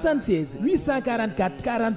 76 844 43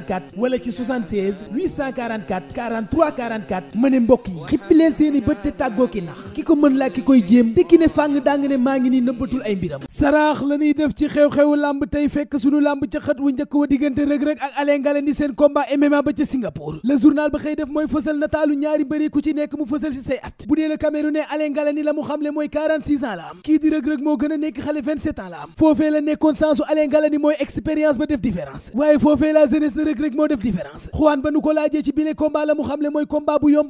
44 wala ci 76 844 43 44 ma ne mbokk yi xippi leen seen bët te tàggoo ki nax ki ko mën laa ki koy jéem te ki ne fàng daa nga ne maa ngi nii nëbbatul ay mbiram saraax la ñuy def ci xew-xewu lamb tey fekk sunu lamb ca xët wu njëkk wa diggante rëg-rëg ak Alain Ngalani seen combat MMA ba ca Singapour le journal ba xëy def mooy fësal nataalu ñaari mbëri ku ci nekk mu fësal ci say at bu dee la Camerounais Alain Ngalani la mu xamle mooy 46 ans la am kii di rëg-rëg moo gën a nekk xale 27 ans la am foofee la nekkoon sensu Alain Ngalani mooy expérience ba def différence waaye foofee la jeunesse de rëg-rëg moo def différence Juan ba nu ko laajee ci bile combat la mu xamle mooy combat bu yomb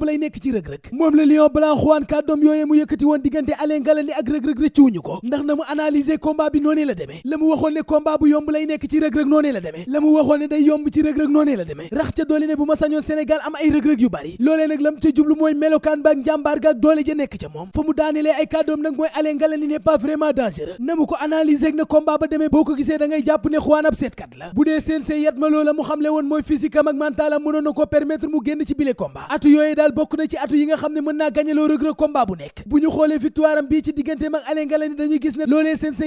combat bi noonee la demee la mu waxoon ne combat bu yomb lay nekk ci rëg-rëg noonee la demee la mu waxoon ne day yomb ci rëg-rëg noonee la demee rax ca doole ne bu ma sañoon Sénégal am ay rëg-rëg yu bari loolee nag lam ca jublu mooy melokaan baak njàmbaar gaak doole ja nekk ca moom fa mu daanelee ay kàddoom nag mooy Alain Ngalani n'est pas vraiment dangereux na mu ko analyser ne combat ba demee boo ko gisee da jàpp ne xuwaan seetkat la bu dee seen see yat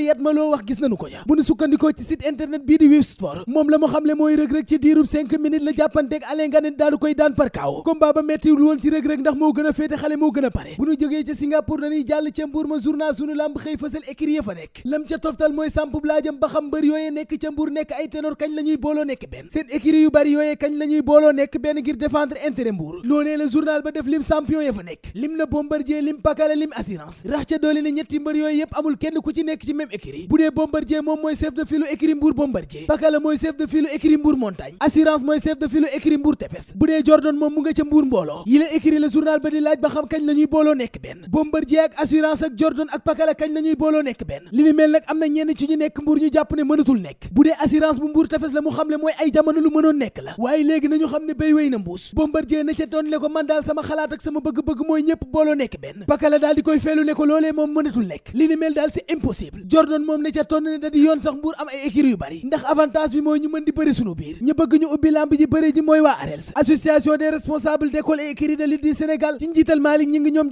yet ma loo wax gis nañu ko ja bu sukkandikoo ci site internet bii di wif moom la mu xamle mooy rëg-rëg ci diirub cinq minutes la jàppanteeg Alain Ngalani daadu koy daan par kaaw combat ba mettiwul woon ci rëg-rëg ndax moo gën a féete xale moo gën a pare bu nu jógee ca Singapour dañuy jàll ca Mbuur ma journal sunu lamb xëy fësal écurie fa nekk lam ca toftal mooy sampub laajam ba xam mbër yooyee nekk ca Mbuur nekk ay ténor kañ la booloo écurie bu dee moom mooy chef de filu écurie Mbour bombardier Pakala mooy chef de filu écurie Mbour montagne assurance mooy chef de filu écurie Mbour tefes bu dee Jordan moom mu nga ca Mbour mbooloo yi la journal ba di laaj ba xam kañ la booloo nekk benn bombardier ak assurance ak Jordan ak Pakala kañ la booloo nekk benn li ni am na ñenn ci ñu nekk Mbour ñu jàpp ne mënatul nekk bu dee assurance bu Mbour tefes la mu xam le mooy ay jamono lu mënoon nekk la waaye léegi nañu xam ne béy wéy na mbuus bombardier Jordan moom ne ca tonn ne da di yoon sax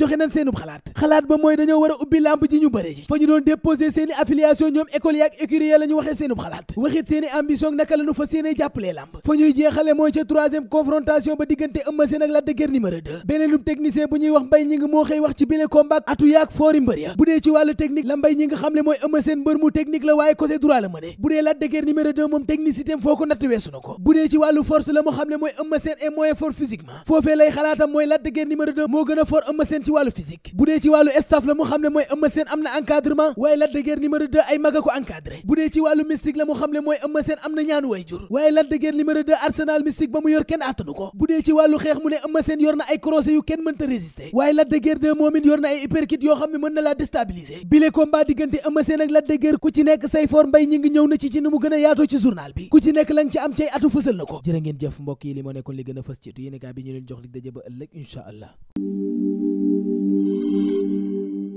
joxe nañ seenub xalaat xalaat ba mooy dañoo war ubbi lamb ji ñu bëri fa ñu doon déposé seeni affiliation ñoom école yaak écurie ya la ñu seenub xalaat waxit seeni ambition naka la fa seene jàppalee lamb fa ñuy jeexale mooy ca troisième confrontation ba diggante Eumeu Sène ak Lac de Guiers beneenub technicien bu ñuy wax mbay ñi ngi moo wax ci bile combat atu yaak foori mbër ya bu dee ci wàllu technique la mbay ñi nga xam le ma Sène mbër mu technique la waaye côté droit la mëne bu dee Lac de Guiers moom technicité am foo ko natt weesu na ko bu dee ci wàllu force la mu xam ne mooy Eumeu Sène est moyen fort physiquement foofee lay xalaatam mooy Lac de Guiers moo gën a fort Eumeu Sène ci wàllu physique bu dee ci wàllu staff la mu xam ne mooy Eumeu Sène am na encadrement waaye Lac de Guiers ay mag a ko encadré bu dee ci wàllu mystique la mu xam ne mooy Eumeu nag la dëgër ku ci nekk say for mbay ñi ngi ñëw na ci ci ni gën a yaatoo ci journal bi ku ci nekk la ci am cay atu fësal na ko jërë ngeen jëf mbokk li moo li gën a fës ci tu yéene kaay bi ñu jox li daje ba ëllëg incha allah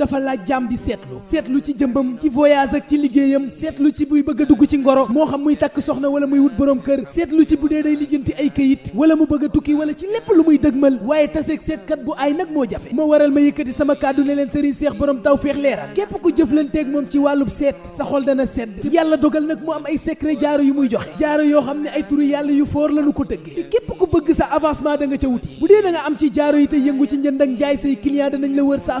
dafa laaj jaam di seetlu seetlu ci jëmbam ci voyage ak ci liggéeyam seetlu ci buy bëgg dugg ci ngoro moo xam muy takk soxna wala muy wut borom kër seetlu ci bu dee day lijjanti ay kayit wala mu bëgg tukki wala ci lépp lu muy dëgmal waaye taseeg seetkat bu ay nag moo jafe moo waral ma yëkkati sama kàddu ne leen sëriñ seex borom taw feex leeral képp ku jëflanteeg moom ci wàllub seet sa xol dana sedd yàlla dogal nag mu am ay secret jaaro yu muy joxe jaaro yoo xam ne ay turu yàlla yu foor lanu ko tëggee képp ku bëgg sa avancement da nga wuti bu dee da am ci jaaro yi te yëngu ci njënd ak jaay say client danañ la wër saa